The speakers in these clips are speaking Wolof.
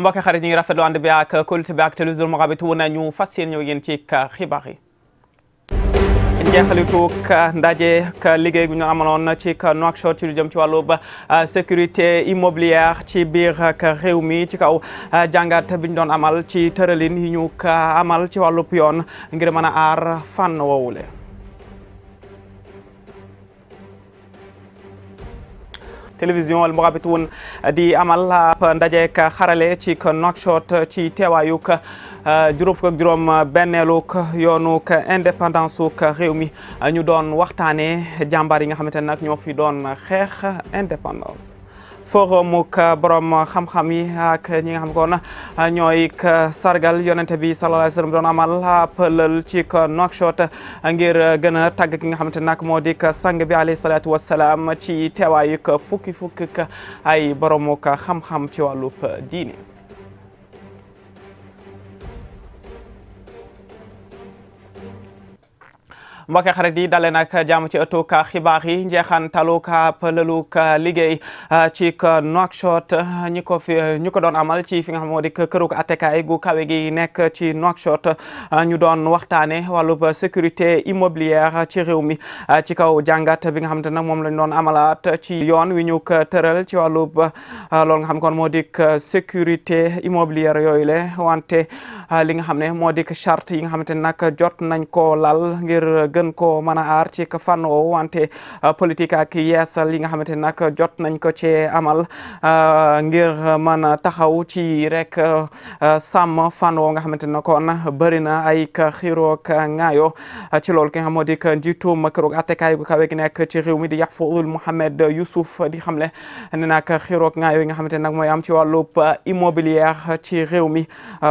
mbokk xarit ñu ngi rafetlu ànd bi ak kóolute bi ak télévision Mourabitoun ñu fas yéen ñëw yéen ci xibaar yi. jeexalituug ndaje ak liggéey bi ñu amaloon ci Nouakchott ci lu jëm ci wàllub euh, sécurité immobilière ci biir ak réew mi ci kaw euh, jàngat biñ doon amal ci tëralin yi ñu amal ci wàllub yoon ngir mën a aar fànn woowule télévision al mourabitoun di amal ndajeek xarale ci Nouakchott ci teewaayuk euh, juróom fukk ak juróom benneeluk yoonuk indépendance uk réew mi ñu doon waxtaane jàmbaar yi nga xamante ne nag ñoo fi doon xeex indépendance forum ak borom xam-xam yi ak ñi nga xam kon ah, ñooy sargal yonente bi sallallahu alayhi wa sallam doon amal pëlal ci Nouakchott ngir gën a tàgg ki nga xamante nag moo di sang bi alayhi salaatu wasalaam ci teewaayuk fukki fukki ay borom ak xam-xam ci wàllub diine mbokki xarit yi dale nag jàmm ci ëttuk xibaar yi njeexantaluk pëlaluk liggéey uh, ci Nouakchott uh, ñi ko fi uh, ñu ko doon amal ci fi nga xam moo di këruk attekaay gu kawe gi nekk ci Nouakchott ñu doon waxtaane ba sécurité immobilière ci réew mi ci kaw jàngat bi nga xamante nag moom lañ doon amalaat ci yoon wi ñu ko tëral ci ba loolu nga xam kon moo di sécurité immobilière yooyu le wante Ah, li nga xam ne moo dik charte yi xam xamante ni nag jot nañ koo lal ngir gën koo mën a aar ci fànn woowu wante ah, politique ki yeesal yi nga xamante ni nag jot nañ ko cee amal ah, ngir mën a taxaw ci rek sàmm fànn wo nga xamante ni kon bëri na ay xiiroo ak ŋaayo ci loolu ki moo dik njiitum këroog attekaay bu kawe gi nekk ci réew mi di Yaqfa'ul Mouhamed Youssouf di xam ne ne nag xiiroo ak ŋaayo yi nga xamante ni nag mooy am ci wàllub immobilier ci réew mi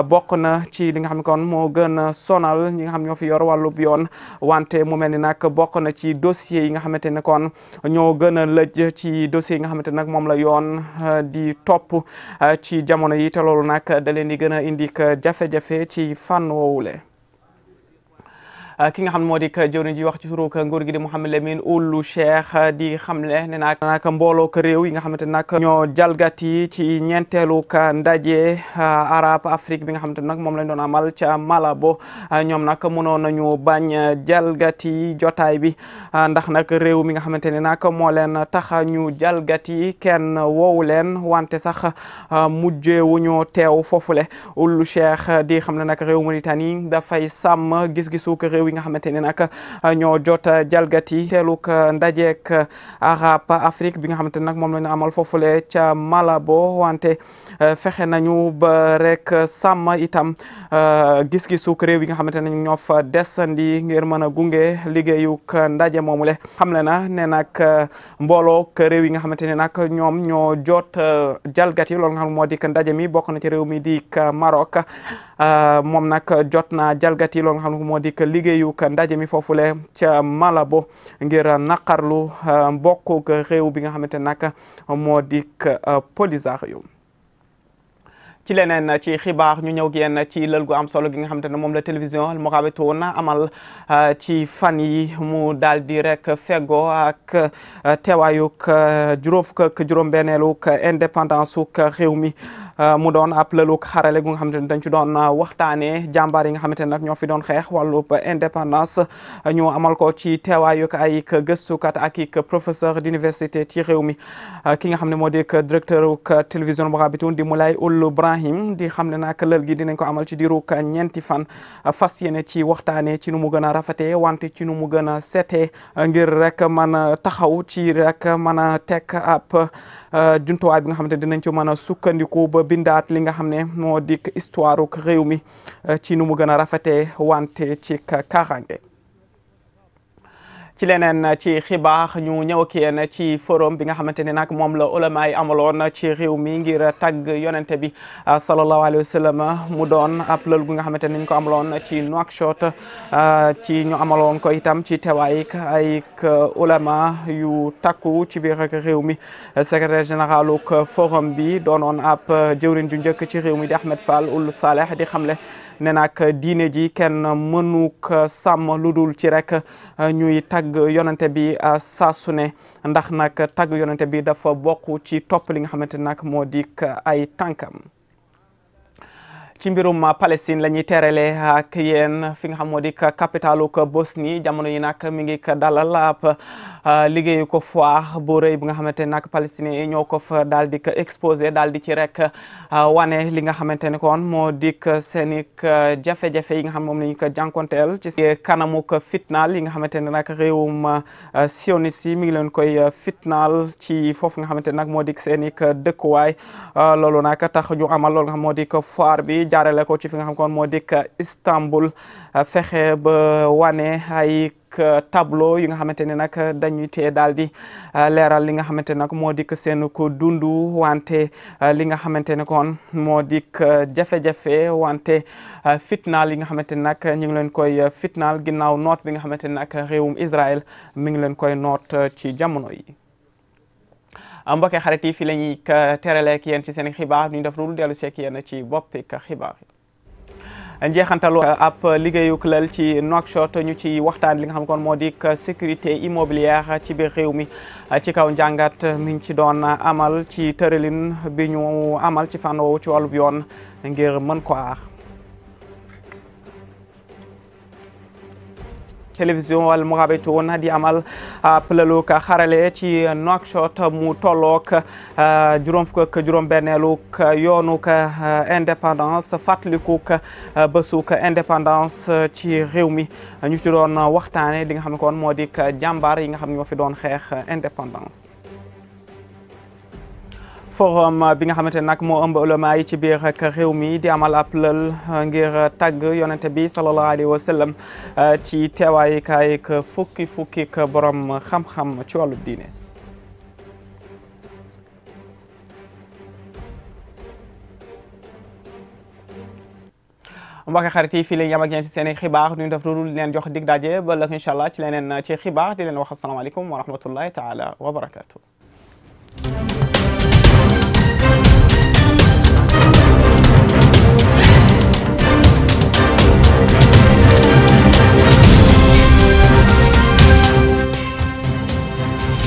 bokk ci li nga xam ne kon moo gën a sonal ñi nga xam ñoo fi yor wàllub yoon wante mu mel ni nag bokk na ci dossier yi nga xamante ne kon ñoo gën a lëj ci dossier yi nga xamante nag moom la yoon euh, di topp euh, ci jamono yi te loolu nag da leen di gën a indi jafe-jafe ci fànn woowule ki nga xam ne moo di jëwriñ ji wax ci turu nguur gi di Mouhamed Lamine Ould Cheikh di xamle ne nag nag mbooloo ko réew yi nga xamante jalgati ci ñeenteelu ka ndaje ah, arab Afrique bi nga xamante nag moom lañ doon amal ca Malabo ah, ñoom nag mënoon nañu bañ jalgati jotaay bi ah, ndax nag réew mi nga xamante ne nag moo leen tax ñu jalgati kenn woowu leen wante sax mujjewuñu teew foofule Ould Cheikh di xam ne nag réew Mauritanie dafay sàmm gis-gisu ko yi nga xamante ne nag uh, ñoo jot jalgati teeluk uh, ndajeek uh, arab Afrique bi nga xamante ne nag moom la ñu amal foofule ca Malabo wante fexe nañu ba rek sàmm itam gis-gisuk réew yi nga xamante ne ñoo fa desandi ngir mën a gunge liggéeyuk ndaje moomule xam le na ne nag mbooloo réew yi nga xamante ne nag ñoom ñoo jot jalgati loolu nga xam moo dikk ndaje mi bokk na ci réew mi di Maroc moom nag jot naa jalgati loolu nga xam moo liggéeyu ndaje mi foofule ca Malabo ngir naqarlu euh, mbokkuk réew bi nga xamante nag moo dik euh, Polisario ci leneen ci xibaar ñu ñëw ak yéen ci lël am solo gi nga xamante ne moom la télévision Al Mourabiton amal euh, ci fan yi mu daal di rek fego ak teewaayuk juróom fukk ak juróom-benneeluk indépendance uk réew mi Euh, mu doon ab lëluk xarale gu nga xamante ne dañ ci doon euh, waxtaanee jàmbaar yi nga xamante ne nag doon xeex wàllub indépendance ñu amal ko ci teewaayuk ay gëstukat ak i professeur d'université ci réew mi euh, ki nga xam ne moo di directeur uk télévision bu Rabiton di Moulay Ould Brahim di xam ne nag lël gi dinañ ko amal ci diiruk ñeenti fan fas yéene ci waxtaanee ci nu mu gën a rafetee wante ci nu mu gën a seetee ngir rek mën a taxaw ci rek mën a teg ab jumtuwaay bi nga xamante ne dinañ ci mën a sukkandiku ba bindaat li nga xam ne moo dikk histoire réew mi euh, ci nu mu gën a rafetee wante ci kaaraange ci leneen ci xibaax ñu ñëw ak yéen ci forum bi nga xamante ne nag moom la ulama yi amaloon ci réew mi ngir tagg yonente bi ah, sallallahu alayhi wa sallam mu doon ab lël gu nga xamante ne ñu ko amaloon ci Nouakchott ah, ci ñu amaloon ko itam ci teewaay ay ulama yu takku ci biir ak réew mi secrétaire général forum bi doonoon ab jëwrin ju njëkk ci réew mi di Ahmed Fall Ould Saleh di xamle ne nag diine ji kenn mënuk sàmm lu dul ci rek euh, ñuy tagg yonente bi euh, saa su ne ndax nag tagg yonente bi dafa bokk ci topp li nga xamante ne nag moo dik ay tànkam ci mbirum Palestine la ñuy terale yen fi nga xam moo di capitalu ko Bosnie jamono yi nag mi ngi dalal ab ah, liggéeyu ko foire bu rëy bi nga xamante ne nag palestiniens yi ñoo ko fa daal di ko exposé daal di ci rek ah, wane li nga xamante ne kon moo dik seen i ah, jafe-jafe yi nga xam moom la ñu ko jànkonteel ci kanamu ko fitnaal nga xamante ne nag réewum sioniste yi mi ngi leen koy fitnaal ci foofu nga xamante ne nag moo dik seen i dëkkuwaay loolu nag tax ñu amal loolu nga xam moo dik bi jaarale ko ci fi nga xam kon moo dikk Istanbul uh, fexe ba wane ay uh, tableau yi nga xamante ne nag dañuy tee daal di uh, leeral li nga xamante nag moo dikk seen ko dundu wante li nga xamante ne kon moo dikk jafe wante fitnaal yi nga xamante ne nag ñu ngi leen koy fitnaal ginnaaw noot bi nga xamante ne nag réewum Israël mi ngi leen koy noot ci jamono yi mbokk xarit yi fi la ñuy euh, terale ak yéen ci seen xibaar ñu def lu dellu seek yéen ci boppi xibaar yi njeexantalu euh, ab liggéeyu lël ci Nouakchott ñu ci waxtaan li nga xam kon moo di sécurité immobilière ci biir réew mi ci kaw njàngat mi ngi ci doon amal ci tëralin bi ñu amal ci fànn woowu ci wàllub yoon ngir mën ko aar télévision wal muhaɓe toon haadi amal ah, pelelu ka harale ci nokshot mu tollook ah, juróom fukk ak juróom benneeluk yoonuk ah, indépendance fàttalikuk bésuk indépendance ci réew mi ñu ci doon waxtaane li nga xam ne kon moo di jàmbaar yi nga xam ne ñoo fi doon xeex indépendance forum bi nga xamante nag moo ëmb ulama yi ci biir ak réew mi di amal ab lël euh, ngir tàgg yonente bi sallallahu alayhi wa euh, ci teewaayukaay ak fukki fukki ak borom xam-xam ci wàllu diine. mbokk xarit yi fii la ñu yam ak yéen ci seen i xibaar duñu def lu leen jox dig daje ba ëllëg incha allah ci leneen ci xibaar di leen wax asalaamaaleykum wa rahmatullahi